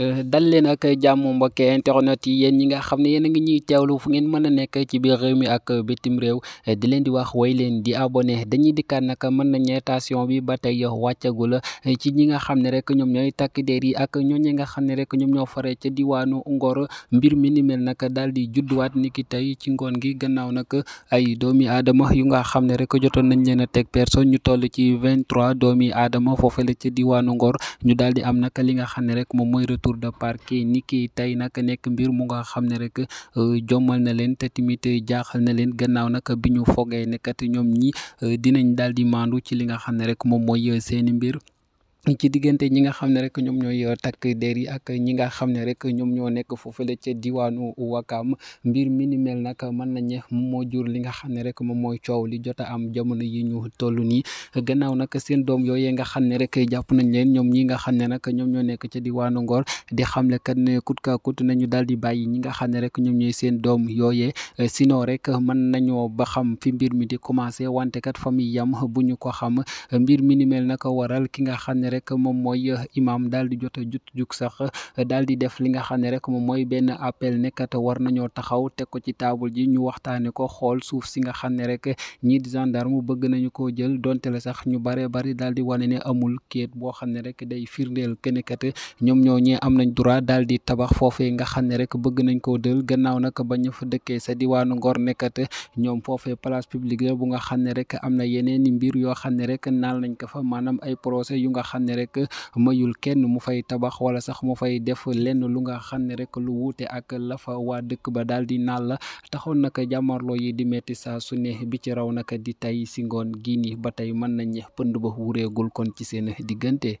dal leen ak jàmm mbokk internet yi yéen ñi nga xam ne yéen a ngi ñuy teewlu fu ngeen mën a nekk ci biir réew mi ak bitim réew di leen di wax way leen di abonné dañuy dikkaat nag mën nañu bi ba tey wàccagul ci ñi nga xam ne rek ñoom ñooy takk der yi ak ñooñu nga xam ne rek ñoom ñoo fare ca diwaanu Ngor mbir mi ni mel nag daal di judduwaat ni tey ci ngoon gi gannaaw nag ay doomi aadama yu nga xam ne rek jotoon nañ leen a teg ñu toll ci vingt trois doomi aadama foofale ca am nag li nga xam ne rek moom mooy retour de parquet ni ki tey nag nekk mbir mu nga xam ne rek euh, jommal na leen te tamit jaaxal na leen gannaaw nag bi ñu fogee ne kat ñoom ñi euh, dinañ daal di maandu ci li nga xam ne rek moom mooy euh, seen mbir. ci diggante ñi nga xam ne rek ñoom ñooy takk der yi ak ñi nga xam ne rek ñoom ñoo nekk foofu foofule ca diwaanu Wakaam mbir mi ni nag mën nañu moo jur li nga xam ne rek moom mooy coow li jot a am jamono yi ñu toll nii gannaaw nag seen doom yooye nga xam ne rek jàpp nañ leen ñoom ñi nga xam ne nag ñoom ñoo nekk ca diwaanu Ngor di xamle kat ne kut ka kut nañu daal di bàyyi ñi nga xam ne rek ñoom ñooy seen doom yooyee sinon rek mën nañoo ba xam fi mbir mi di commencé wante kat fa yam bu ñu ko xam mbir mi ni waral ki nga xam ne rek moom mooy imam daal di jot jut jug sax daal di def li nga xam ne rek moom mooy benn appel nekkat war nañoo taxaw teg ko ci taabul ji ñu waxtaane ko xool suuf si nga xam ne rek ñii di gendarme bëgg nañu koo jël donte la sax ñu bare bari daal di wane ne amul kéet boo xam ne rek day firndeel kenekat ñoom ñoo ñee am nañ droit daal di tabax foofee nga xam ne rek bëgg nañ koo dël gannaaw nag ba ñu dëkkee sa diwaanu Ngor nekkat ñoom foofee place publique la xam ne xam ne rek mayul kenn mu fay tabax walla sax mu fay def lenn lu nga xam ne rekk lu wuute ak la waa dëkk ba daal di naan la taxoon nag jàmmarloo yi di metti saa su neex bi ci raw nag di tey si ngoon gii nii ba tey mën nañ pënd ba wureegul kon ci seen diggante.